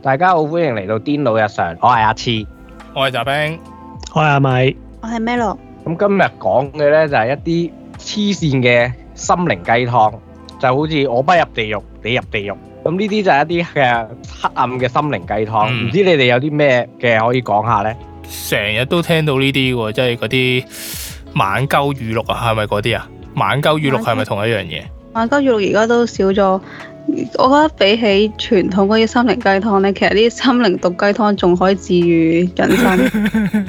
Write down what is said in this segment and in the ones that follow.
大家好，歡迎嚟到癲佬日常，我係阿熾，我係就冰，我係阿米，我係咩樂。咁今日講嘅咧就係一啲黐線嘅心靈雞湯，就好似我不入地獄，你入地獄。咁呢啲就係一啲嘅黑暗嘅心靈雞湯。唔知你哋有啲咩嘅可以講下咧？成日都聽到呢啲喎，即係嗰啲晚鳩語錄啊，係咪嗰啲啊？晚鳩語錄係咪同一樣嘢？晚鳩語錄而家都少咗。我覺得比起傳統嗰啲心靈雞湯咧，其實呢啲心靈毒雞湯仲可以治愈人心，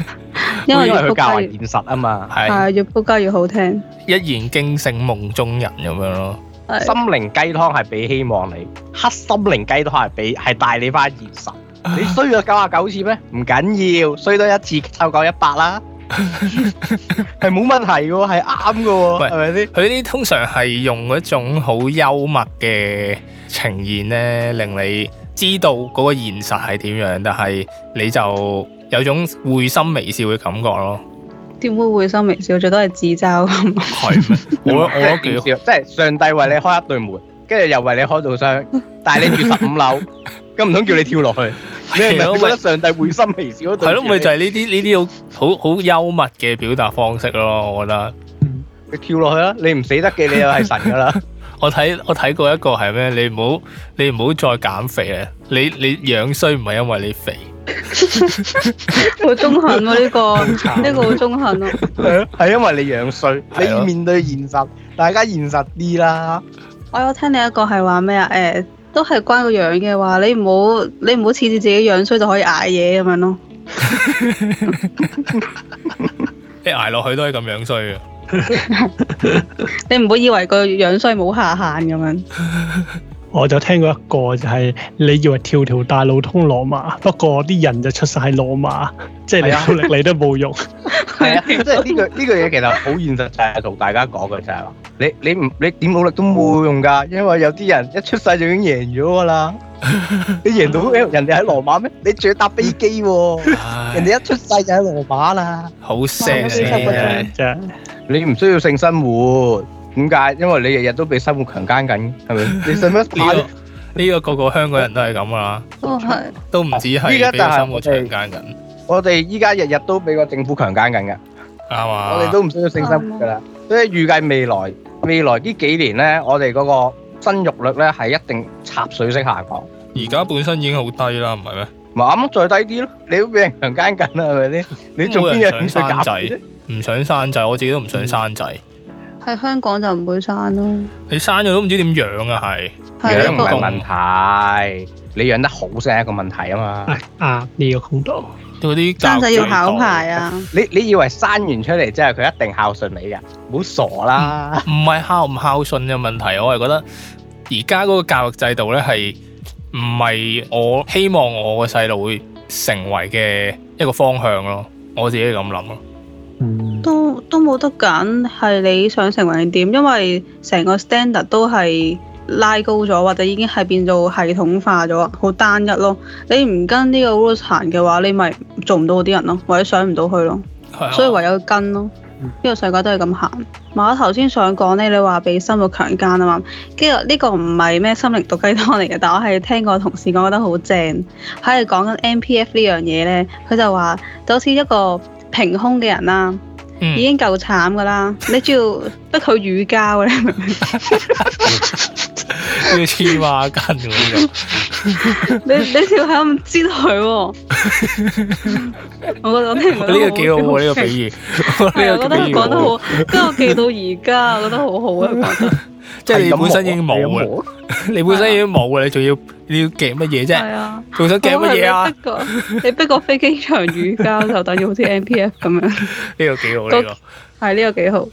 因為越撲街越現實啊嘛，越撲街越好聽，好聽一言驚醒夢中人咁樣咯。是心靈雞湯係俾希望你，黑心靈雞湯係俾係帶你翻現實。 你衰咗九啊九次咩？唔緊要，衰多一次湊夠一百啦。係冇 問題嘅，係啱嘅，係咪先？佢啲通常係用一種好幽默嘅呈現咧，令你知道嗰個現實係點樣，但係你就有種會心微笑嘅感覺咯。點會會心微笑？最多係自嘲咁。係，我我我講笑，即係上帝為你開一對門，跟住又為你開道窗，但係你住十五樓，咁唔通叫你跳落去？咩？我覺得上帝會心微笑？係咯，咪就係呢啲呢啲好好好幽默嘅表達方式咯，我覺得。嗯，你跳落去啊！你唔死得嘅，你又係神噶啦。我睇我睇過一個係咩？你唔好你唔好再減肥啊！你你樣衰唔係因為你肥。好中肯喎呢個，呢個好中肯啊。係啊，係因為你樣衰，你要面對現實，大家現實啲啦。我有聽你一個係話咩啊？誒。都係關個樣嘅話，你唔好你唔好恃住自己樣衰，就可以捱嘢咁樣咯。你捱落去都係咁樣衰啊，你唔好以為個樣衰冇下限咁樣。 我就聽過一個就係、是、你以為條條大路通羅馬，不過啲人就出晒羅馬，即、就、係、是、你努力你都冇用。係啊，即係呢個呢、這個嘢其實好現實就，就係同大家講嘅就係話，你你唔你點努力都冇用㗎，因為有啲人一出世就已經贏咗啦。 你贏到人哋喺羅馬咩？你仲要搭飛機喎？ 人哋一出世就喺羅馬啦。好正嘅、啊，真係你唔需要性生活。點解？因為你日日都俾生活強奸緊，係咪？你使乜？呢個呢個個個香港人都係咁噶啦，都係，都唔止係俾生活強奸緊。我哋依家日日都俾個政府強奸緊噶，啱嘛？我哋都唔需要性生活噶啦，所以預計未來未來呢幾年咧，我哋嗰個生育率咧係一定插水式下降。而家本身已經好低啦，唔係咩？咪啱，再低啲咯，你都俾人強奸緊啦，係咪先？你仲邊有想生仔？唔想生仔，我自己都唔想生仔。喺香港就唔會生咯，你生咗都唔知點養啊，係養唔係問題嘛，你養得好先係一個問題啊嘛。啊，你要好多，嗰啲，生仔要考牌啊！ 你你以為生完出嚟之後佢一定孝順你噶好傻啦！唔係、嗯、孝唔孝順嘅問題，我係覺得而家嗰個教育制度咧係唔係我希望我個細路會成為嘅一個方向咯，我自己咁諗咯。嗯，都。都冇得揀，係你想成為點，因為成個 standard 都係拉高咗，或者已經係變做系統化咗，好單一咯。你唔跟呢個路行嘅話，你咪做唔到嗰啲人咯，或者上唔到去咯。啊、所以唯有跟咯，呢、這個世界都係咁行。嗯、我頭先想講呢，你話被心路強姦啊嘛，跟住呢個唔係咩心靈毒雞湯嚟嘅，但我係聽個同事講，覺得好正，喺度講緊 MPF 呢樣嘢呢，佢就話就好似一個平胸嘅人啦、啊。嗯、已經夠慘噶啦，你只要得佢乳膠咧，好似孖筋咁。你你條友唔知佢喎。我覺得呢個幾好喎，呢個比喻，我覺得佢講得好，跟我記到而家，我覺得好好啊，覺得。 即係你本身已經冇嘅，你本身已經冇嘅，你仲要你要夾乜嘢啫？係啊，仲想夾乜嘢啊？你逼個飛機場乳膠就等於好似 MPF 咁樣。呢個幾好呢個係，呢個幾好，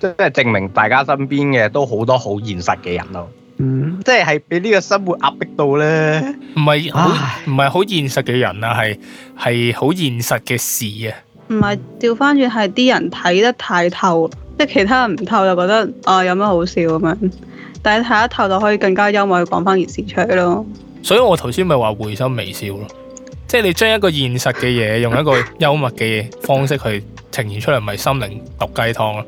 即係證明大家身邊嘅都好多好現實嘅人咯。嗯，即係係俾呢個生活壓迫到咧，唔係唔係好現實嘅人啊，係係好現實嘅事啊。唔係調翻轉，係啲人睇得太透。即係其他人唔透就覺得啊有乜好笑咁樣，但係睇一透就可以更加幽默講翻件事出嚟咯。所以我頭先咪話會心微笑咯，即係你將一個現實嘅嘢用一個幽默嘅方式去呈現出嚟，咪 心靈毒雞湯咯。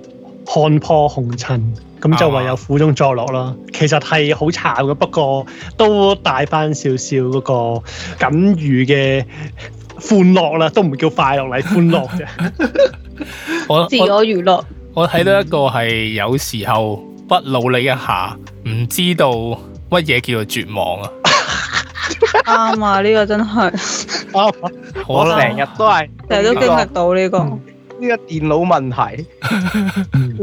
看破紅塵咁就唯有苦中作樂咯。嗯、其實係好慘嘅，不過都帶翻少少嗰個僅餘嘅歡樂啦，都唔叫快樂嚟歡樂嘅， 自我娛樂。我睇到一個係有時候不努力一下，唔知道乜嘢叫做絕望啊！啱 啊，呢、這個真係、 oh, 啊、我成日都係成日都經歷到呢、這個呢、嗯這個電腦問題，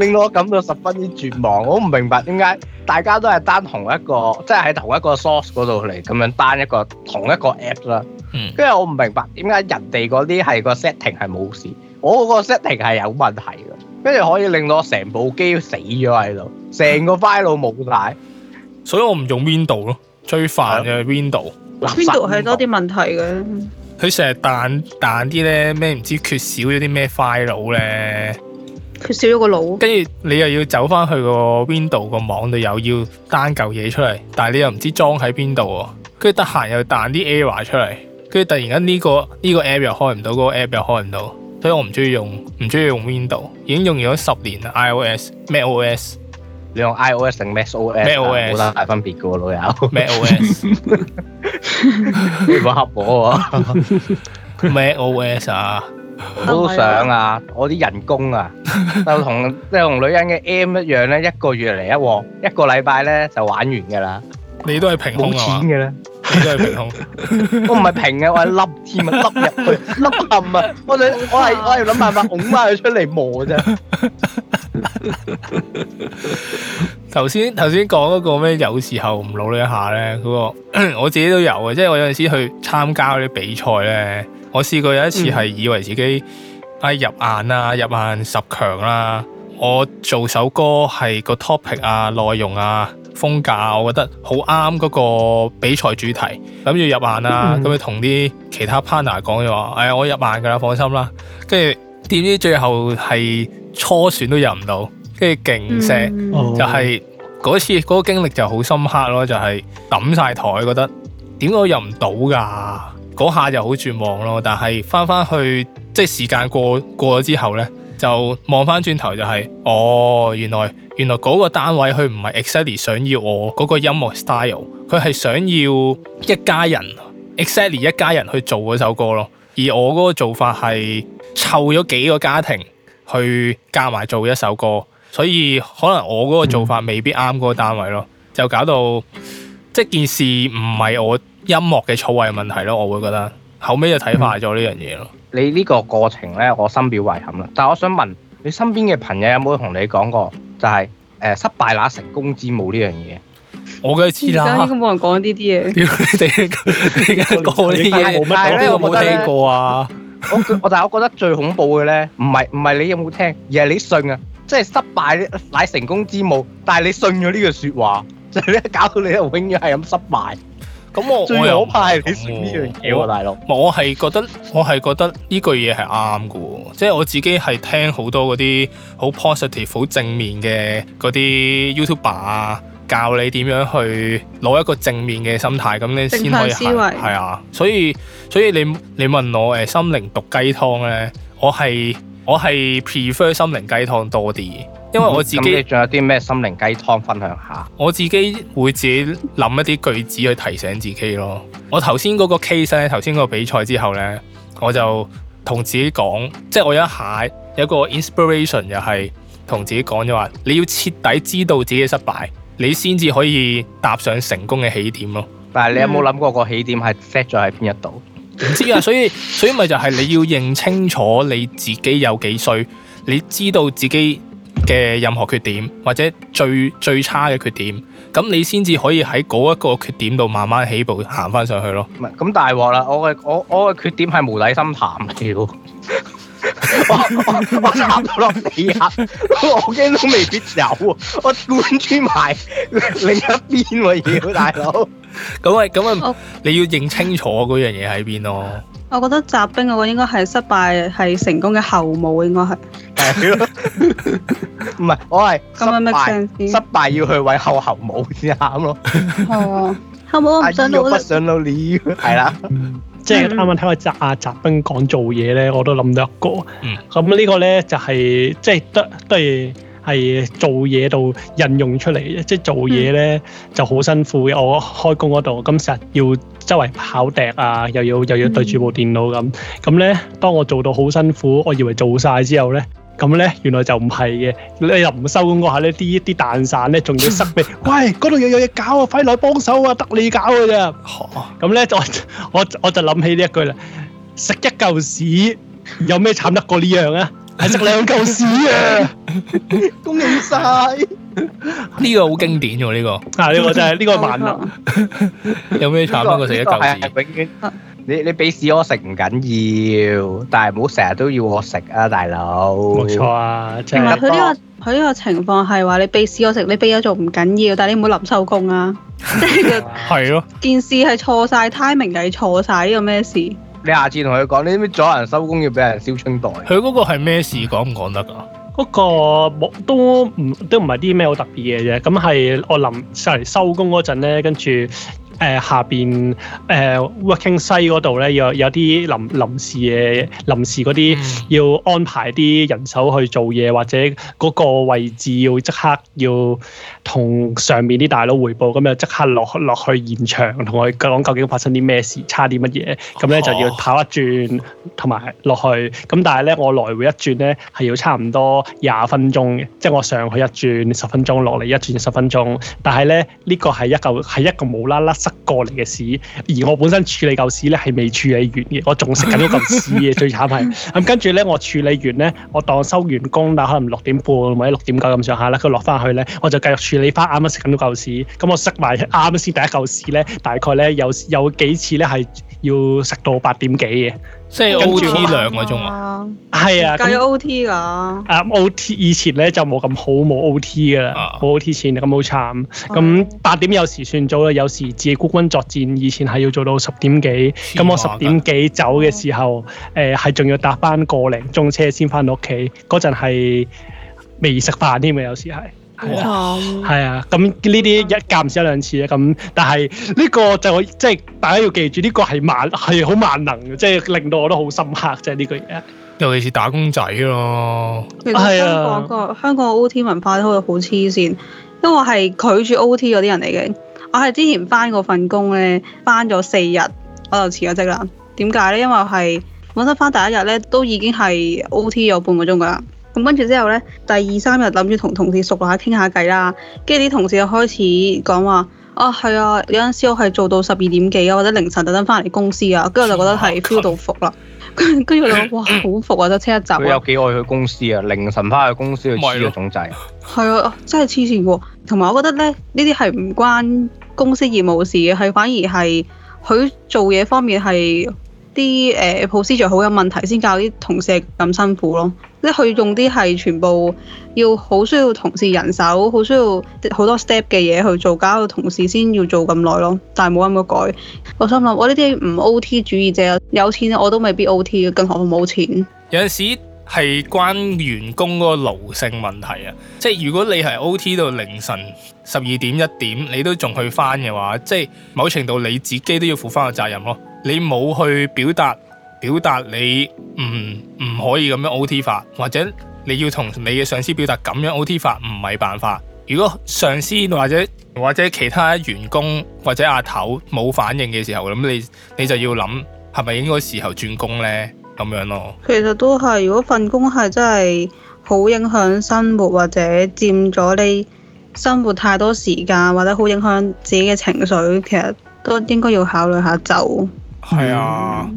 令我感到十分之絕望。我唔明白點解大家都係單同一個，即係喺同一個 source 嗰度嚟咁樣單一個同一個 app 啦、嗯。跟住我唔明白點解人哋嗰啲係個 setting 係冇事，我個 setting 係有問題嘅。跟住可以令到我成部機死咗喺度，成個 file 冇晒， 所以我唔用 Window 咯，最煩嘅係 Window，嗱，Window 係多啲問題嘅，佢成日彈彈啲咧，咩唔知缺少咗啲咩 file 咧，缺少咗個腦，跟住你又要走翻去個 Window 個網度，又要單嚿嘢出嚟，但係你又唔知裝喺邊度喎，跟住得閒又彈啲 error 出嚟，跟住突然間呢個呢個 app 又開唔到，嗰個 app 又開唔到。所以我唔中意用，唔中意用 Window，已經用完咗十年啦。iOS，MacOS？你用 iOS 定 MacOS？MacOS 冇啦，大分別噶老友。MacOS，你唔好恰我啊！MacOS 啊，我都想啊！我啲人工啊，就同即係同女人嘅 M 一樣咧，一個月嚟一鑊，一個禮拜咧就玩完噶啦。你都係平冇錢噶啦。都係平胸，我唔係平嘅。我係凹添啊，凹入去，凹陷啊！我想怕，我係，我係諗辦法拱翻佢出嚟磨啫。頭先頭先講嗰個咩，有時候唔努力一下咧，嗰個 我自己都有啊。即係我有陣時去參加嗰啲比賽咧，我試過有一次係以為自己哎入眼啊，入眼十強啦，我做首歌係個 topic 啊，內容啊。風格我覺得好啱嗰個比賽主題，諗住入圍啦，咁咪同啲其他 partner 講咗話，誒、哎、我入圍㗎啦，放心啦。跟住點知最後係初選都入唔到，跟住勁傷就係、是、嗰、哦、次嗰個經歷就好深刻咯，就係揼晒枱，覺得點解入唔到㗎？嗰下就好絕望咯。但係翻翻去即係、就是、時間過過咗之後呢，就望翻轉頭就係、是，哦，原來原來嗰個單位佢唔係 exactly 想要我嗰個音樂 style，佢係想要一家人 exactly 一家人去做嗰首歌咯。而我嗰個做法係湊咗幾個家庭去加埋做一首歌，所以可能我嗰個做法未必啱嗰個單位咯，就搞到即件事唔係我音樂嘅錯位問題咯。我會覺得後尾就睇化咗呢樣嘢咯。你呢個過程咧，我深表遺憾啦。但係我想問，你身邊嘅朋友有冇同你講過，就係誒失敗乃成功之母呢樣嘢？我梗係知啦。而家應該冇人講呢啲嘢。點解講呢啲嘢？冇乜嘢，我冇聽過啊！我但係我覺得最恐怖嘅咧，唔係唔係你有冇聽，而係你信啊！即係失敗乃成功之母，但係你信咗呢句説話，就咧搞到你永遠係咁失敗。咁我後我又好怕係呢樣嘢大佬。我係覺得我係覺得呢句嘢係啱嘅喎，即係我自己係聽好多嗰啲好 positive、好正面嘅嗰啲 YouTuber 啊，you 教你點樣去攞一個正面嘅心態，咁你先可以行係啊，所以所以你你問我誒心靈毒雞湯咧，我係我係 prefer 心靈雞湯多啲。因為我自己仲、嗯、有啲咩心靈雞湯分享下，我自己會自己諗一啲句子去提醒自己咯。我頭先嗰個 case 咧，頭先嗰個比賽之後呢，我就同自己講，即係我有一下有個 inspiration 又係同自己講咗話，你要徹底知道自己嘅失敗，你先至可以踏上成功嘅起點咯。但係你有冇諗過個起點係 set 咗喺邊一度？唔、嗯、知啊，所以所以咪就係你要認清楚你自己有幾衰，你知道自己嘅任何缺點或者最最差嘅缺點，咁你先至可以喺嗰一個缺點度慢慢起步行翻上去咯。唔咁大鑊啦，我嘅我我嘅缺點係無底深潭嚟喎， 我我踩到落地下，我驚都未必有，我轉轉埋另一邊喎、啊，大佬。咁啊咁啊，你要認清楚嗰樣嘢喺邊咯。我覺得雜兵，我覺得應該係失敗係成功嘅後母，應該係，唔係 我係，咁樣 make sense。失敗要去揾後後母先啱咯。哦，啊，後母上到咧、啊，上到了。係啦，即係啱啱聽個雜啊兵講做嘢咧，我都諗到一個。嗯，咁呢個咧就係、是、即係得都係。係做嘢度應用出嚟，即係做嘢咧、嗯、就好辛苦嘅。我開工嗰度，咁成日要周圍跑趯啊，又要又要對住部電腦咁。咁咧，當我做到好辛苦，我以為做晒之後咧，咁咧原來就唔係嘅。你又唔收嗰下呢啲啲蛋散咧仲要塞畀。喂，嗰度有有嘢搞啊，快來幫手啊，得你搞㗎咋？咁咧就我我，我就諗起呢一句啦，食一嚿屎有咩慘得過呢樣啊？係食兩嚿屎啊！恭喜晒呢個好經典喎，呢、這個啊呢、這個真係呢個萬能。 有咩賺翻佢食一嚿屎？你你俾屎我食唔緊要，但係唔好成日都要我食啊，大、就、佬、是。冇錯啊，同埋佢呢個佢呢個情況係話你俾屎我食，你俾咗做唔緊要？但係你唔好臨收工啊，即係個係咯。件 事係錯晒 timing，係錯晒，呢有咩事？你下次同佢講，你知唔知阻人收工要俾人燒清袋？佢嗰個係咩事講唔講得㗎？嗰、 嗰個冇都唔都唔係啲咩好特別嘅嘢，咁係我臨嚟收工嗰陣咧，跟住。誒、呃、下邊誒、呃、working site 嗰度咧，有有啲臨臨時嘅臨時嗰啲要安排啲人手去做嘢，或者嗰個位置要即刻要同上面啲大佬匯報，咁就即刻落落去現場同佢講究竟發生啲咩事，差啲乜嘢，咁咧就要跑一轉同埋落去。咁但係咧，我來回一轉咧係要差唔多廿分鐘嘅，即、就、係、是、我上去一轉十分鐘，落嚟一轉十分鐘。但係咧呢、這個係一嚿係一個冇啦啦。得過嚟嘅屎，而我本身處理嚿屎咧係未處理完嘅，我仲食緊呢嚿屎嘅， 最慘係咁跟住咧，我處理完咧，我當收完工，但可能六點半或者六點九咁上下啦，佢落翻去咧，我就繼續處理翻啱啱食緊呢嚿屎，咁、嗯、我塞埋啱先第一嚿屎咧，大概咧有有幾次咧係要食到八點幾嘅。即係 O T 兩個鐘啊，係啊，計 O T 噶。OT 啊 O T 以前咧就冇咁好，冇 O T 噶啦，冇 O T 前咁好慘。咁八、啊、點有時算早啦，有時自己孤軍作戰，以前係要做到十點幾。咁我十點幾走嘅時候，誒係仲要搭翻個零鐘車先翻到屋企，嗰陣係未食飯添啊，有時係。係啊，咁呢啲一間唔止一兩次啊。咁但係呢、這個就即係、就是、大家要記住，呢、這個係萬係好萬能嘅，即、就、係、是、令到我都好深刻，即係呢個嘢。尤其是打工仔咯，係啊，香港個香港 O T 文化都好似好黐線，因為我係拒絕 O T 嗰啲人嚟嘅。我係之前翻嗰份工咧，翻咗四日我就辭咗職啦。點解咧？因為係本身翻第一日咧都已經係 O T 有半個鐘噶啦。跟住之後呢，第二三日諗住同同事熟下傾下偈啦，跟住啲同事又開始講話啊，係啊，有陣時我係做到十二點幾啊，或者凌晨特登返嚟公司啊，跟住就覺得係 feel 到服啦。跟跟住就哇好服啊，都車一集。佢有幾愛去公司啊？凌晨返去公司去開個總掣。係 啊，真係黐線喎！同埋我覺得咧，呢啲係唔關公司業務事嘅，係反而係佢做嘢方面係啲誒 procedure 好有問題，先教啲同事咁辛苦咯。即係佢用啲係全部要好需要同事人手，好需要好多 step 嘅嘢去做，搞到同事先要做咁耐咯。但係冇咁樣改，我心諗我呢啲唔 OT 主義者，有錢我都未必 OT 嘅，更何況冇錢。有陣時係關員工嗰個勞性問題啊，即係如果你係 OT 到凌晨十二點一點，你都仲去翻嘅話，即係某程度你自己都要負翻個責任咯。你冇去表達。表達你唔唔可以咁樣 OT 法，或者你要同你嘅上司表達咁樣 OT 法唔係辦法。如果上司或者或者其他員工或者阿頭冇反應嘅時候，咁你你就要諗係咪應該時候轉工呢？咁樣咯。其實都係，如果份工係真係好影響生活，或者佔咗你生活太多時間，或者好影響自己嘅情緒，其實都應該要考慮下就。係、嗯、啊。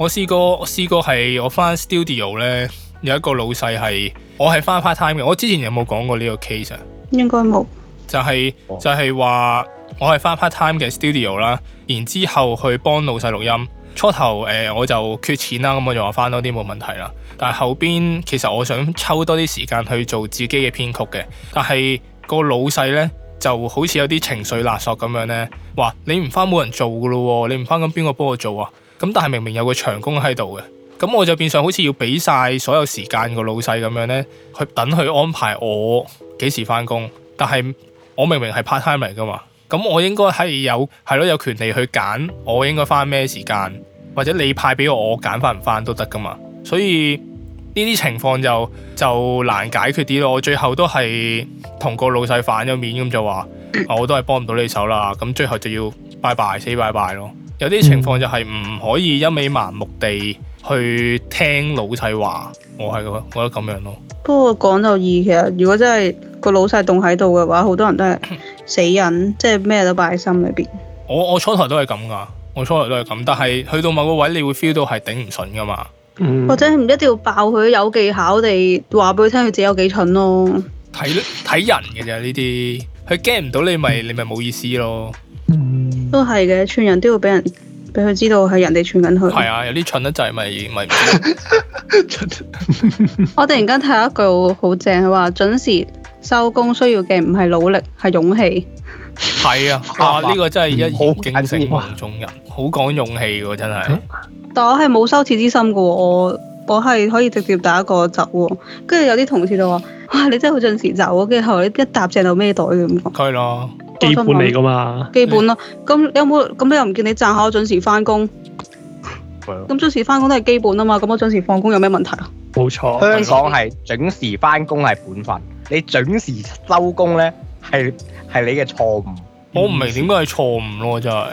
我試過，試過我試過係我翻 studio 呢。有一個老細係我係翻 part time 嘅。我之前有冇講過呢個 case 啊？應該冇。就係就係話我係翻 part time 嘅 studio 啦，然之後去幫老細錄音。初頭誒、呃、我就缺錢啦，咁、嗯、我就話翻多啲冇問題啦。但係後邊其實我想抽多啲時間去做自己嘅編曲嘅，但係個老細呢，就好似有啲情緒勒索咁樣呢。話你唔翻冇人做噶咯，你唔翻咁邊個幫我做啊？咁但係明明有個長工喺度嘅，咁我就變相好似要俾晒所有時間個老細咁樣呢，去等佢安排我幾時返工。但係我明明係 part time 嚟噶嘛，咁我應該係有係咯，有權力去揀我應該返咩時間，或者你派俾我，我揀返唔返都得噶嘛。所以呢啲情況就就難解決啲咯。我最後都係同個老細反咗面，咁就話， 我都係幫唔到你手啦。咁最後就要拜拜，say bye bye 咯。有啲情況就係唔可以一味盲目地去聽老細話，我係覺得咁樣咯。不過講就易，其實如果真係個老細棟喺度嘅話，好多人都係死人， 即係咩都擺喺心裏邊。我我初頭都係咁噶，我初頭都係咁，但係去到某個位，你會 feel 到係頂唔順噶嘛。或者唔一定要爆佢，有技巧地話俾佢聽，佢自己有幾蠢咯。睇睇人嘅啫，呢啲佢驚唔到你，咪你咪冇意思咯。.都係嘅，串人都要俾人俾佢知道係人哋串緊佢。係啊，有啲蠢得滯咪咪。 我突然間睇下一句好正，佢話準時收工需要嘅唔係努力，係勇氣。係 啊，啊呢哇個真係一言驚醒夢中人，好講勇氣嘅，真係。但我係冇羞恥之心嘅，我我係可以直接打一個走。跟住有啲同事就話，哇，你真係好準時走。跟住後來一搭正到咩袋咁。係咯。 基本嚟噶嘛？基本咯，咁你有冇咁又唔見你掙下準時翻工？係啊，咁準時翻工都係基本啊嘛，咁我準時放工有咩問題啊？冇錯，香港係準時翻工係本分，你準時收工咧係係你嘅錯誤。我唔明點解係錯誤咯，真係。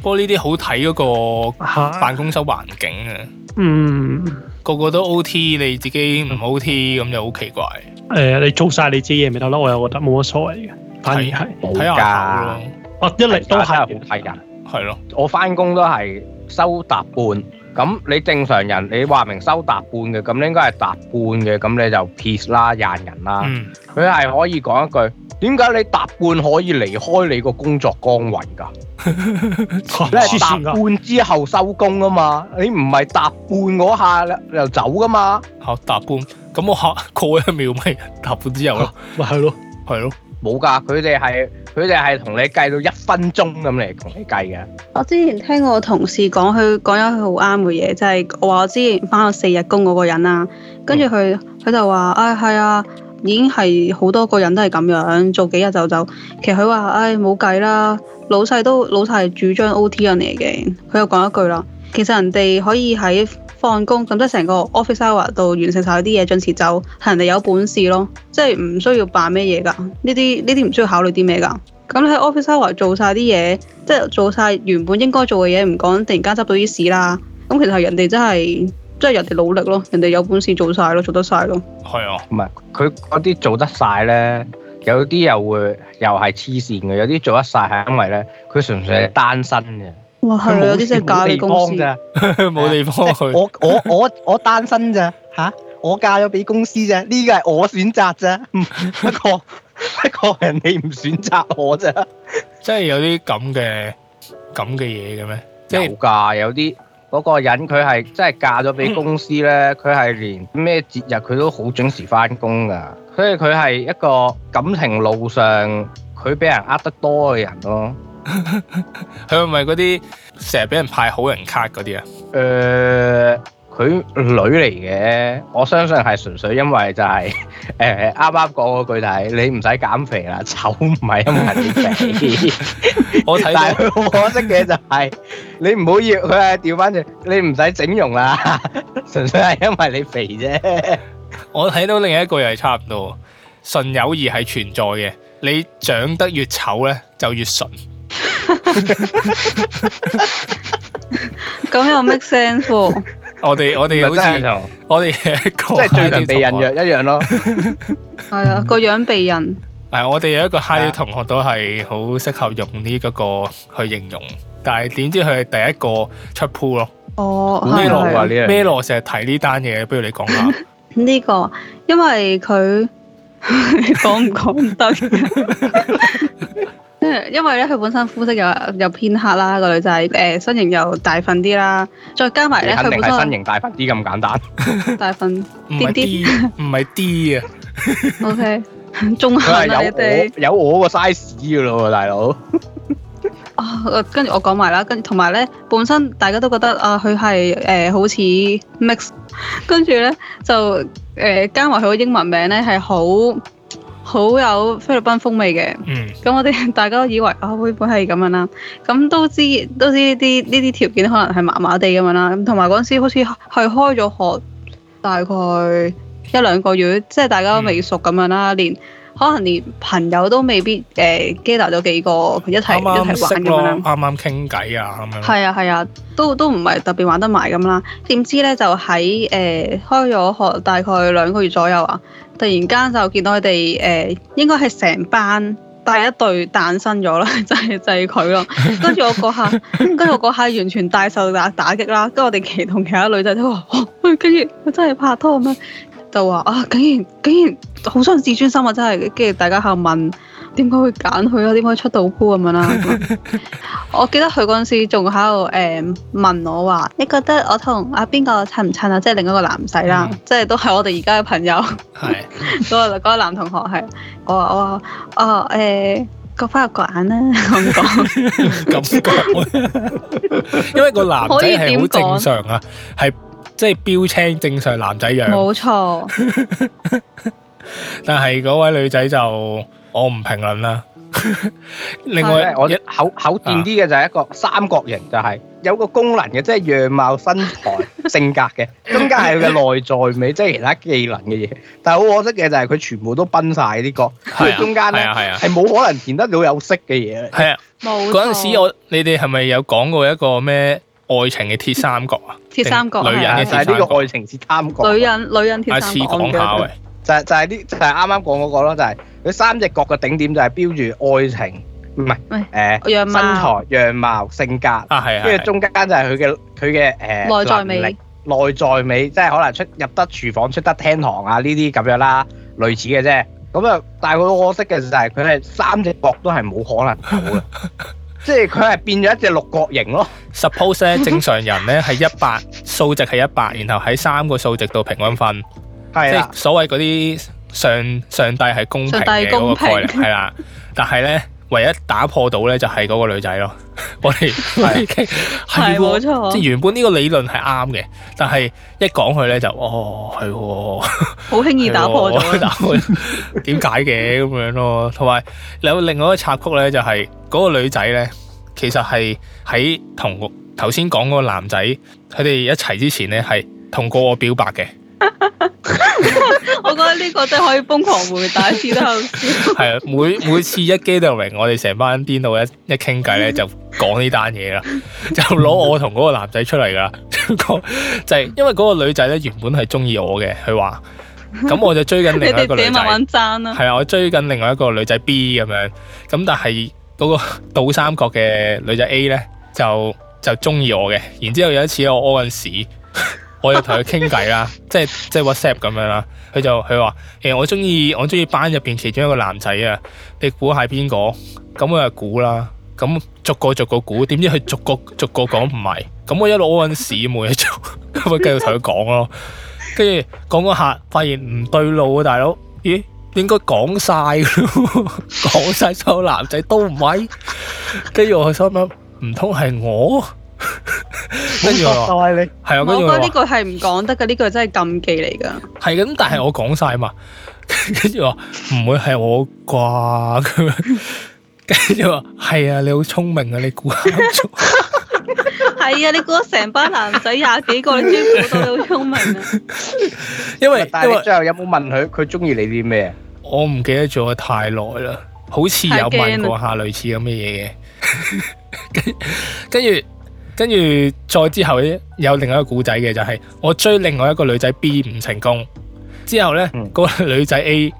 不過呢啲好睇嗰個辦公室環境啊，啊。嗯，個個都 O T，你自己唔 O T 咁就好奇怪。誒、嗯，你做晒你啲嘢咪得咯？我又覺得冇乜所謂嘅。反而係冇噶，一嚟都係係噶，係咯。我翻工都係收搭半，咁你正常人你話明收搭半嘅，咁你應該係搭半嘅，咁你就 piece 啦，廿人啦。佢係可以講一句，點解你搭半可以離開你個工作崗位噶？你搭半之後收工啊嘛，你唔係搭半嗰下又走噶嘛？吓，搭半咁我吓過一秒咪搭半之後咯，咪係咯，係咯。冇㗎，佢哋係佢哋係同你計到一分鐘咁嚟同你計嘅。我之前聽我同事講，佢講咗佢好啱嘅嘢，就係、是、我話我之前返咗四日工嗰個人啊，跟住佢佢就話，唉、哎，係啊，已經係好多個人都係咁樣做幾日就走。」其實佢話，唉、哎，冇計啦，老細都老細係主張 O T 嘅，佢又講一句啦，其實人哋可以喺放工咁即係成個 office hour 度完成晒啲嘢，準時走係人哋有本事咯，即係唔需要扮咩嘢㗎。呢啲呢啲唔需要考慮啲咩㗎。咁喺 office hour 做晒啲嘢，即係做晒原本應該做嘅嘢，唔講突然間執到啲事啦。咁其實人哋真係，即係人哋努力咯，人哋有本事做晒咯，做得晒咯。係啊，唔係佢嗰啲做得晒呢，有啲又會又係黐線嘅，有啲做得晒，係因為呢，佢純粹係單身嘅。哇，係有啲真係嫁俾公司咋，冇地方去。我我我我單身咋吓？我嫁咗俾公司咋？呢個係我選擇咋？不過不過係你唔選擇我咋？即係有啲咁嘅咁嘅嘢嘅咩？即係好噶，有啲嗰個人佢係真係嫁咗俾公司咧，佢係連咩節日佢都好準時翻工噶，所以佢係一個感情路上佢俾人呃得多嘅人咯。佢係咪嗰啲成日俾人派好人卡嗰啲啊？誒，佢女嚟嘅，我相信係純粹因為就係誒啱啱講嗰句就係你唔使減肥啦，醜唔係因為你肥。我睇到但係佢好可惜嘅就係你唔好要佢，係調翻轉你唔使整容啦，純粹係因為你肥啫。我睇到另一句又係差唔多，純友誼係存在嘅，你長得越醜咧就越純。咁 有 make sense？哦、 我哋我哋好似我哋一個即係 最難被人弱一樣咯 。係啊，個樣被人。係、 嗯、我哋有一個 high 的同學都係好適合用呢嗰個去形容，啊、但係點知佢係第一個出 pool 咯。哦，咩羅啊？呢人咩羅成日提呢單嘢，不如你講下呢個，因為佢講唔講唔得。 因為咧，佢本身膚色又又偏黑啦，個女仔，誒、呃、身形又大份啲啦，再加埋咧，佢本身，你肯定係身形大份啲咁簡單。 大份分。啲啲，唔係啲啊。 o Okay . K， 中下啦你哋。有我個們 size 嘅咯喎，大佬。 啊，跟住我講埋啦，跟住同埋咧，本身大家都覺得啊，佢係誒好似 mix，跟住咧就誒加埋佢個英文名咧係好。好有菲律賓風味嘅。咁、嗯、我哋大家都以為、哦、會會啊，會唔會係咁樣啦。咁都知都知呢啲呢啲條件可能係麻麻地咁樣啦、啊。咁同埋嗰陣時好似係開咗學大概一兩個月，即係大家都未熟咁樣啦、啊，嗯、連可能連朋友都未必誒 gather 咗幾個一齊剛一齊玩咁樣，啊啊、樣，啱啱傾偈啊咁樣。係啊係啊，都都唔係特別玩得埋咁啦。點知咧就喺誒、呃、開咗學大概兩個月左右啊。突然間就見到佢哋誒，應該係成班第一對誕生咗啦，就係就係佢咯。跟住我嗰下，跟住我嗰下完全大受打打擊啦。跟住我哋其同其他女仔都話：哇，佢竟然佢真係拍拖咁樣，就話啊，竟然竟然好傷自尊心啊！真係，跟住大家喺度問。點解會揀佢啊？點解出到鋪咁樣啦、啊？ 我記得佢嗰陣時仲喺度誒問我話， 你覺得我同阿邊個襯唔襯啊？即、就、係、是、另一個男仔啦、啊，即係、嗯、都係我哋而家嘅朋友。係嗰個個男同學係我話我話哦誒，各花入各眼啦咁講，咁講，因為個男仔係好正常啊，係即係標青正常男仔樣。冇錯錯， 但係嗰位女仔就。我唔評論啦。另外，我口口掂啲嘅就係一個三角形，就係有個功能嘅，即係樣貌、身材、性格嘅中間係佢嘅內在美，即係其他技能嘅嘢。但係好可惜嘅就係佢全部都崩晒，呢個，佢中間咧係冇可能填得到有色嘅嘢。係啊，冇。嗰陣時我你哋係咪有講過一個咩愛情嘅鐵三角啊？鐵三角，女人嘅鐵三角，其實呢個愛情鐵三角。女人女人鐵三角。我試講下喂，就係就係呢就係啱啱講嗰個咯，就係。佢三隻角嘅頂點就係標住愛情，唔係誒身材、樣貌、性格啊，係，跟住中間就係佢嘅佢嘅誒內在美，內在美即係可能入得廚房、出得廳堂啊呢啲咁樣啦，類似嘅啫。咁啊，但係佢好可惜嘅就係佢係三隻角都係冇可能有嘅，即係佢係變咗一隻六角形咯。Suppose 咧，正常人咧係一百數值係一百，然後喺三個數值度平均分，即係所謂嗰啲。上上帝係公平嘅嗰個概念係啦，但係咧唯一打破到咧就係嗰個女仔咯。我哋係係冇錯，即係原本呢個理論係啱嘅，但係一講佢咧就哦係喎，好輕易打破咗。點解嘅咁樣咯？同埋有另外一個插曲咧、就係，就係嗰個女仔咧，其實係喺同頭先講嗰個男仔佢哋一齊之前咧，係同過我表白嘅。 我覺得呢個真係可以瘋狂回打次都後生。係啊， 每每次一 g a m 我哋成班邊度一一傾偈咧就講呢單嘢啦，就攞我同嗰個男仔出嚟噶啦。 就係因為嗰個女仔咧原本係中意我嘅，佢話咁我就追緊你外個女 慢慢爭啦、啊。係啊，我追緊另外一個女仔 B 咁樣，咁但係嗰個倒三角嘅女仔 A 咧就就中意我嘅。然之後有一次我屙緊屎。 我又同佢傾偈啦，即係即係 WhatsApp 咁樣啦。佢就佢話：誒、欸，我中意我中意班入邊其中一個男仔啊，你估下邊個？咁我又估啦。咁逐個逐個估，點知佢逐個逐個講唔係。咁我一路屙屎冇嘢做，咁 咪繼續同佢講咯。跟住講嗰下，發現唔對路啊，大佬。咦？應該講晒！講 晒所有男仔都唔係。跟住我心諗，唔通係我？跟住話，係啊， 我覺得呢句係唔講得噶，呢句真係禁忌嚟噶。係咁，但係我講晒嘛。跟住話，唔會係我啩？跟住話，係啊，你好聰明啊，你估係？係啊， 你估成班男仔廿 幾個，你追到到你好聰明啊？ 因為，因為但最後有冇問佢，佢中意你啲咩？ 我唔記得咗太耐啦，好似有問過下類似咁嘅嘢嘅。跟跟住。跟住再之後咧，有另外一個古仔嘅，就係我追另外一個女仔 B 唔成功之後咧，嗰個女仔 A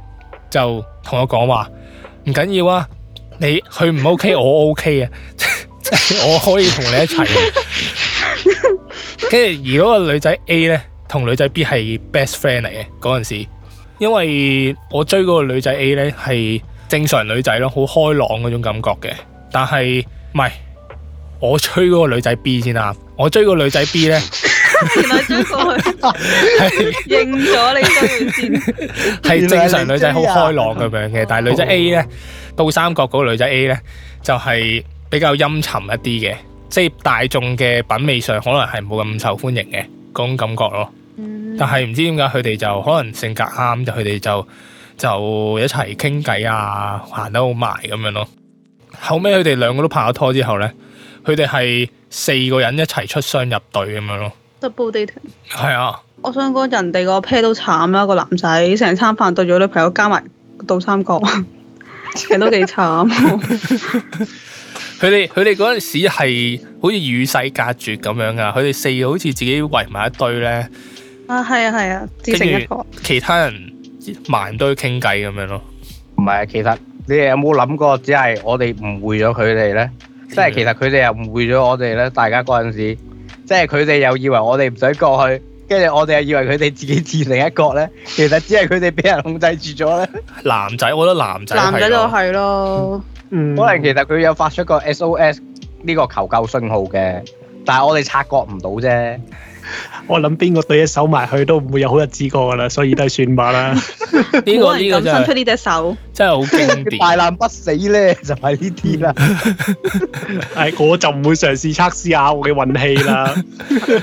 就同我講話，唔緊要啊，你佢唔 OK 我 OK 啊，我可以同你一齊啊。跟住而嗰個女仔 A 咧同女仔 B 係 best friend 嚟嘅嗰陣時，因為我追嗰個女仔 A 咧係正常女仔咯，好開朗嗰種感覺嘅，但係唔係我追嗰個女仔 B 先啦，我追個女仔 B 呢， 原來追過去，應咗呢都要先。係正常女仔好開朗咁樣嘅，但係女仔 A 呢，哦、到三角嗰個女仔 A 呢，就係、是、比較陰沉一啲嘅，即、就、係、是、大眾嘅品味上可能係冇咁受歡迎嘅嗰種感覺咯。嗯、但係唔知點解佢哋就可能性格啱，就佢哋就就一齊傾偈啊，行得好埋咁樣咯。後尾佢哋兩個都拍咗拖之後呢。佢哋係四個人一齊出雙入對咁樣咯，double dating 係啊。我想講人哋個 pair 都慘啦，個男仔成餐飯對住女朋友，加埋倒三角，其實都幾慘。佢哋佢哋嗰陣時係好似與世隔絕咁樣噶，佢哋四個好似自己圍埋一堆咧。啊，係啊，係啊，自成一國，啊。其他人埋堆傾偈咁樣咯。唔係啊，其實你哋有冇諗過，只係我哋誤會咗佢哋咧？即係其實佢哋又誤會咗我哋咧，大家嗰陣時，即係佢哋又以為我哋唔使過去，跟住我哋又以為佢哋自己成一角咧，其實只係佢哋俾人控制住咗咧。 男仔，我覺得男仔男仔都係咯，可能、嗯、其實佢有發出個 SOS 呢個求救信號嘅，但係我哋察覺唔到啫。我諗邊個對一手埋去都唔會有好日子過噶啦，所以都係算罷啦。呢、 這個呢、這個咁伸出呢隻手，真係好經典，大難不死咧就係呢啲啦。係 我就唔會嘗試測試下我嘅運氣啦。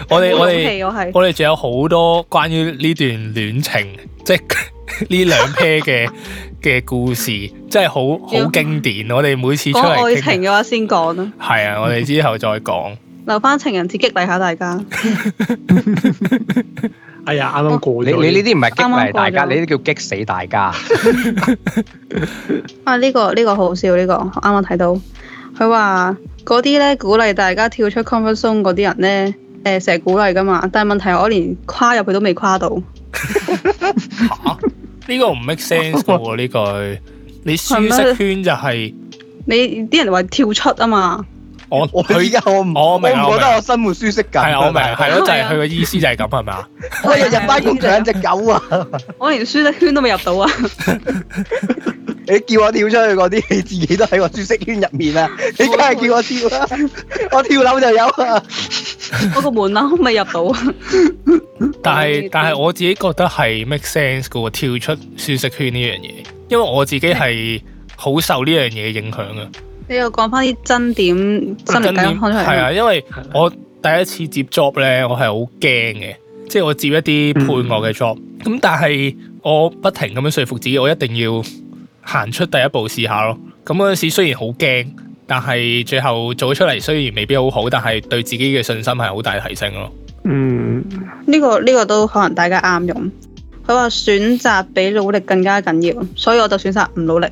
我哋我哋我哋仲有好多關於呢段戀情，即係呢兩 pair 嘅嘅故事，真係好好經典。要我哋每次出嚟愛情嘅話先講囉。係啊，我哋之後再講。 留翻情人節激勵下大家。 哎呀，啱啱過咗、啊、你呢啲唔係激勵大家，啱啱你啲叫激死大家。 啊，呢個呢個好好笑，呢個啱啱睇到。佢話嗰啲咧，鼓勵大家跳出 comfort zone 嗰啲人咧，誒成日鼓勵噶嘛。但係問題，我連跨入去都未跨到。嚇、 啊？呢個唔 make sense 喎， 呢句。你舒適圈就係。你啲人話跳出啊嘛。我佢而家我唔，我明，我覺得我生活舒適㗎。係啊，我明係咯，對就係佢個意思就係咁係咪啊？我日日翻工像隻狗啊！ 我連舒適圈都未入到啊！ 你叫我跳出去嗰啲，你自己都喺個舒適圈入面啊！你梗係叫我跳啦、啊， 我跳樓就有啊！ 我個門樓未入到啊！但係但係我自己覺得係 make sense 嘅喎，跳出舒適圈呢樣嘢，因為我自己係好受呢樣嘢影響啊。你又講翻啲真點真力點頂。係啊，因為我第一次接 job 咧，我係好驚嘅，即係我接一啲配樂嘅 job。咁、嗯、但係我不停咁樣說服自己，我一定要行出第一步試下咯。咁嗰陣時雖然好驚，但係最後做出嚟，雖然未必好好，但係對自己嘅信心係好大提升咯。嗯，呢、呢個呢、呢個都可能大家啱用。佢話選擇比努力更加緊要，所以我就選擇唔努力。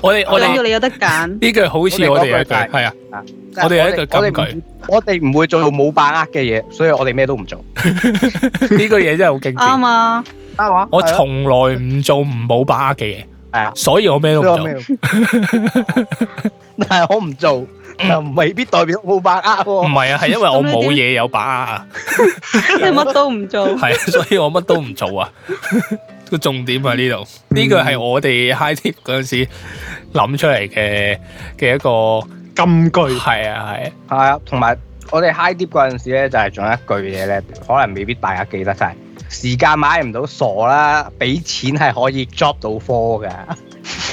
我哋我哋，你要你有得揀呢句，好似我哋嘅句係啊，我哋有一句金句，我哋唔會做到冇把握嘅嘢，所以我哋咩都唔做。呢句嘢真係好勁，啱啊，啱話。我從來唔做唔冇把握嘅嘢，係啊，所以我咩都唔做。但係我唔做又未必代表冇把握，唔係啊，係因為我冇嘢有把握啊，乜都唔做，係啊，所以我乜都唔做啊。個重點喺呢度，呢個係我哋 high tea 嗰陣時諗出嚟嘅嘅一個金句。係、嗯、啊，係，係啊，同埋、啊、我哋 high tea 嗰陣時咧，就係、是、仲有一句嘢咧，可能未必大家記得曬。就是、時間買唔到傻啦，俾錢係可以 drop 到科㗎，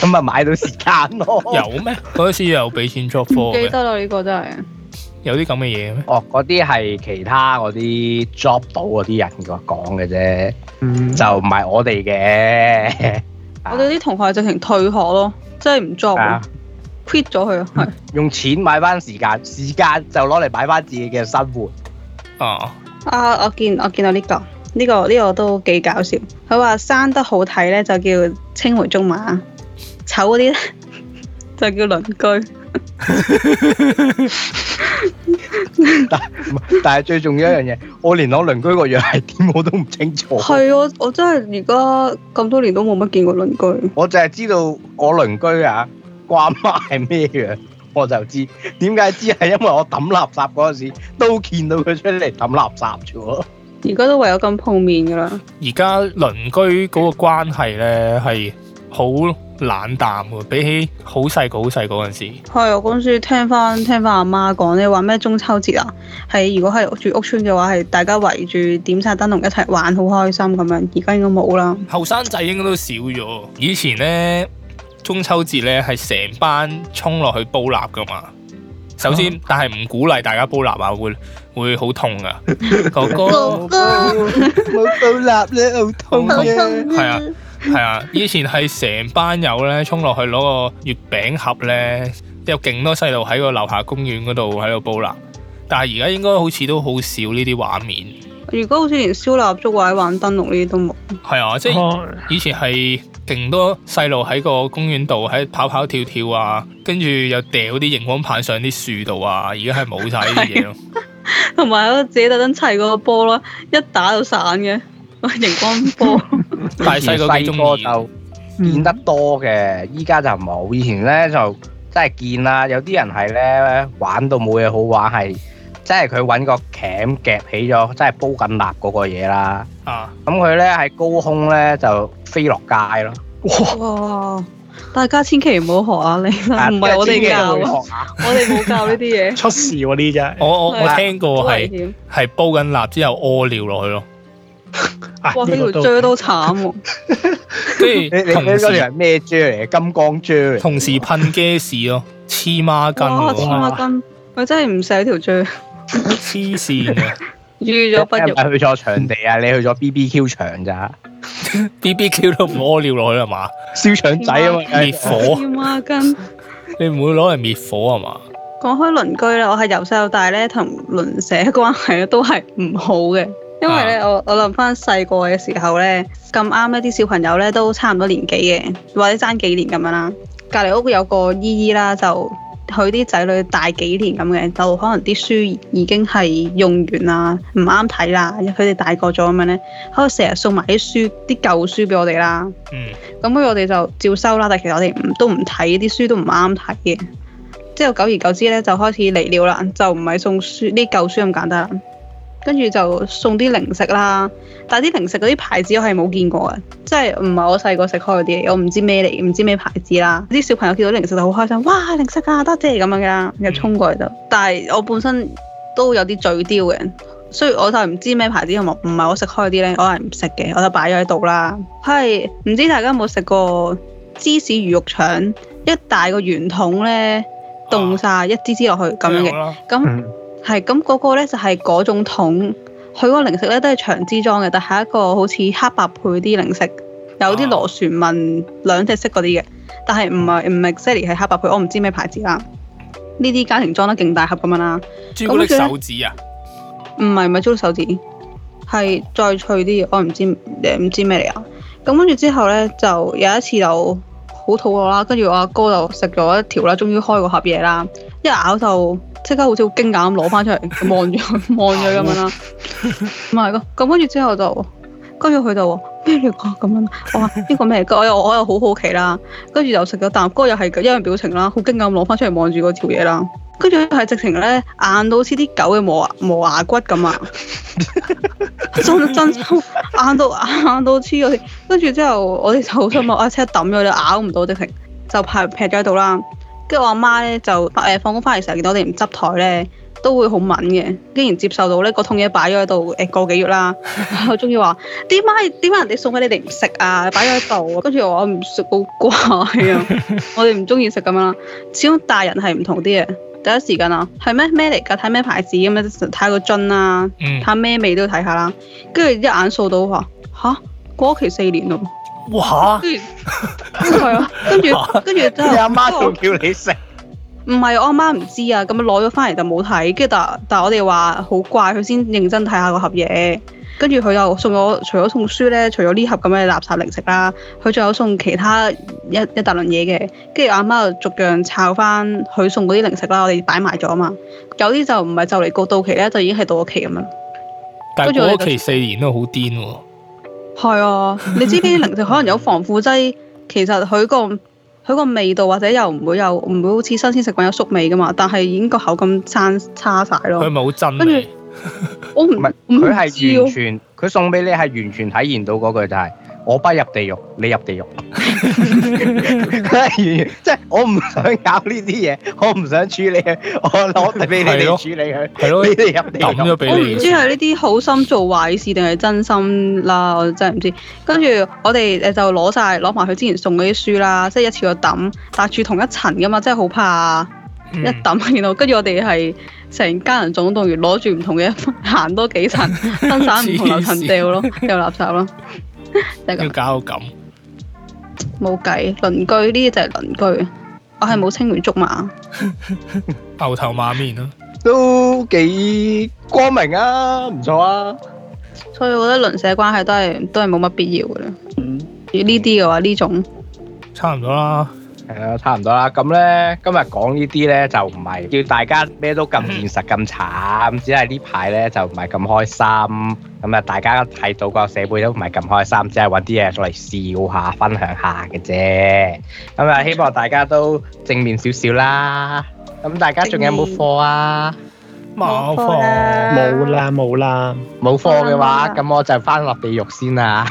咁啊 買到時間咯。 有咩嗎？嗰陣 時有俾錢 drop 科嘅。記得啦、啊，呢、這個真係。有啲咁嘅嘢咩？哦，嗰啲係其他嗰啲 job 到嗰啲人個講嘅啫，嗯、就唔係我哋嘅。 我哋啲同學直情退學咯，即係唔 job，quit 咗佢，係、啊、用錢買翻時間，時間就攞嚟擺翻自己嘅生活。哦，啊，我見我見到呢、呢個，呢、呢個呢、呢個都幾搞笑。佢話生得好睇咧就叫青梅竹馬，醜嗰啲咧就叫鄰居。 但係，但最重要一樣嘢，我連我鄰居個樣係點我都唔清楚。係啊，我真係而家咁多年都冇乜見過鄰居。我淨係知道我鄰居啊，瓜媽係咩樣，我就知。點解知係？ 因為我抌垃圾嗰陣時都見到佢出嚟抌垃圾啫。而家都唯有咁碰面噶啦。而家鄰居嗰個關係呢，係。好冷淡喎，比起好細個好細個嗰陣時。係我公司聽翻聽翻阿媽講，你話咩中秋節啊，喺如果係住屋村嘅話，係大家圍住點晒燈籠一齊玩，好開心咁樣。而家應該冇啦。後生仔應該都少咗。以前呢，中秋節呢係成班衝落去煲蠟噶嘛。首先，但係唔鼓勵大家煲蠟啊，會會好痛噶。哥哥冇煲蠟咧，好痛嘅。係啊。係 啊，以前係成班友咧，衝落去攞個月餅盒咧，有勁多細路喺個樓下公園嗰度喺度煲蠟，但係而家應該好似都好少呢啲畫面。如果好似連燒蠟燭或者玩燈籠呢啲都冇。係啊，即係以前係勁多細路喺個公園度喺跑跑跳跳啊，跟住又掉啲熒光棒上啲樹度啊，而家係冇晒呢啲嘢咯。同埋、啊、我自己特登砌個波啦，一打就散嘅。我熒光波，細細個就見得多嘅，依家就冇。以前咧就真係見啦，有啲人係咧玩到冇嘢好玩，係真係佢搵個鉗夾起咗，真係煲緊蠟嗰個嘢啦。啊！咁佢咧喺高空咧就飛落街咯。哇！大家千祈唔好學啊你，唔係我哋教，我哋冇教呢啲嘢，出事喎呢隻。我我我聽過係係煲緊蠟之後屙尿落去咯。哇！呢這個 條鋸都慘，啊，跟住同時係咩鋸嚟？金剛鋸，同時噴雞屎咯，黐孖筋，黐孖筋，我真係唔捨條鋸，黐綫啊！預咗 畢業，係咪去咗場地啊？你去咗 B B Q 場咋？B B Q 都唔屙尿落去係嘛？燒腸仔啊嘛？媽滅火，黐孖筋， 你唔會攞嚟滅火係嘛？講開鄰居啦，我係由細到大咧，同鄰舍關係咧都係唔好嘅。因為咧，我我諗翻細個嘅時候咧，咁啱咧啲小朋友咧都差唔多年紀嘅，或者爭幾年咁樣啦。隔離屋有個姨姨啦，就佢啲仔女大幾年咁嘅，就可能啲書已經係用完啦，唔啱睇啦。佢哋大個咗咁樣咧，佢成日送埋啲書，啲舊書俾我哋啦。嗯。咁我哋就照收啦，但其實我哋唔都唔睇啲書，都唔啱睇嘅。之後久而久之咧，就開始嚟了啦，就唔係送書啲舊書咁簡單。跟住就送啲零食啦，但係啲零食嗰啲牌子我係冇見過嘅，即係唔係我細個食開嗰啲，我唔知咩嚟，唔知咩牌子啦。啲小朋友見到零食就好開心，哇零食啊得多謝咁、啊、樣噶，又衝過嚟就，但係我本身都有啲嘴刁嘅，所以我就唔知咩牌子同埋唔係我食開嗰啲呢，我係唔食嘅，我就擺咗喺度啦。係唔知大家有冇食過芝士魚肉腸，一大個圓筒呢，凍晒、啊、一支支落去咁樣嘅，咁。嗯係咁，嗰、那個咧就係、是、嗰種桶，佢嗰個零食咧都係長枝裝嘅，但係一個好似黑白配啲零食，有啲螺旋紋、oh. 兩隻色嗰啲嘅，但係唔係唔係 Sally 係黑白配，我唔知咩牌子啦。呢啲家庭裝得勁大盒咁樣啦。朱古力手指啊？唔係唔係朱古力手指，係再脆啲，我唔知唔知咩嚟啊。咁跟住之後咧，就有一次就好肚餓啦，跟住我阿哥就食咗一條啦，終於開個盒嘢啦，一咬就～即刻好似好驚訝咁攞翻出嚟望住，望住咁樣啦，唔係咯。咁跟住之後就，跟住佢就咩嚟㗎？咁樣我話呢個咩？我又我又好好奇啦。跟住又食咗啖，哥又係一樣表情啦，好驚訝咁攞翻出嚟望住嗰條嘢啦。跟住係直情咧，硬到好似啲狗嘅磨磨牙骨咁啊！真真，硬到硬到黐咗。跟住之後，我哋就好失望，啊，即刻抌咗啦，咬唔到直情，就劈劈咗喺度啦。跟住我阿媽咧，就誒放工翻嚟，成日見到我哋唔執台咧，都會好敏嘅，竟然接受到咧，個桶嘢擺咗喺度誒個幾月啦。佢中意話，點解點解人哋送俾你哋唔食啊？擺咗喺度，跟住我唔食好怪啊！ 我哋唔中意食咁樣啦。始終大人係唔同啲啊，第一時間一一一啊，係咩咩嚟㗎？睇咩牌子咁樣，睇個樽啊，睇咩味都要睇下啦。跟住一眼掃到嚇，過期四年咯。哇！跟住， 係啊，跟住後，跟住真係阿媽仲叫你食。唔係，我阿媽唔知啊。咁啊攞咗翻嚟就冇睇。跟住但但我哋話好怪，佢先認真睇下個盒嘢。跟住佢又送咗，除咗送書咧，除咗呢盒咁嘅垃圾零食啦，佢仲有送其他一一大輪嘢嘅。跟住阿媽就逐樣抄翻佢送嗰啲零食啦。我哋擺埋咗啊嘛，有啲就唔係就嚟過到期咧，就已經係到期咁啦。但係我到期四年都好癲喎。係 啊，你知啲零食可能有防腐劑，其實佢個佢個味道或者又唔會有唔會好似新鮮食品有縮味㗎嘛，但係已經個口感差差曬咯。佢冇真味，我唔係佢係完全佢 送俾你係完全體現到嗰句就係、是。我不入地獄，你入地獄。即係 我唔想搞呢啲嘢，我唔想處理，我攞嚟俾你哋處理佢。係咯了，俾 你入地獄。我唔知係呢啲好心做壞事定係真心啦，我真係唔知。跟住我哋就攞晒，攞埋佢之前送嗰啲書啦，即係一次過揼，搭住同一層噶嘛，真係好怕一揼。嗯、然後跟住我哋係成家人總動員攞住唔同嘅， 行多幾層分散唔同樓層掉咯，又垃圾啦。 要搞到咁，冇計。鄰居呢啲就係鄰居，我係冇青梅竹馬， 牛頭馬面咯、啊，都幾光明啊，唔錯啊。所以我覺得鄰舍關係都係都係冇乜必要嘅啦。嗯，呢啲嘅話呢、嗯、種，差唔多啦。係啦，差唔多啦。咁咧，今日講呢啲咧就唔係叫大家咩都咁現實咁慘，只係呢排咧就唔係咁開心。咁啊，大家睇到個社會都唔係咁開心，只係搵啲嘢出嚟笑下，分享下嘅啫。咁啊，希望大家都正面少少啦。咁大家仲有冇貨啊？冇課？冇啦冇啦，冇課嘅話，咁我就翻落地獄先啦。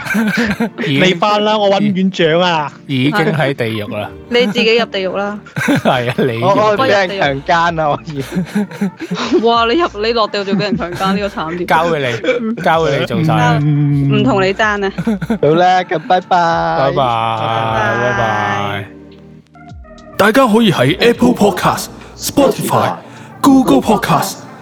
未翻啦，我揾院長啊。已經喺地獄啦。你自己入地獄啦。係啊，你我我俾人強姦啦，我而。哇！你入你落地獄仲俾人強姦，呢個慘啲。交俾你，交俾你做晒。唔同你爭啊。好啦，咁拜拜拜拜拜拜。大家可以喺 Apple Podcast、Spotify、Google Podcast。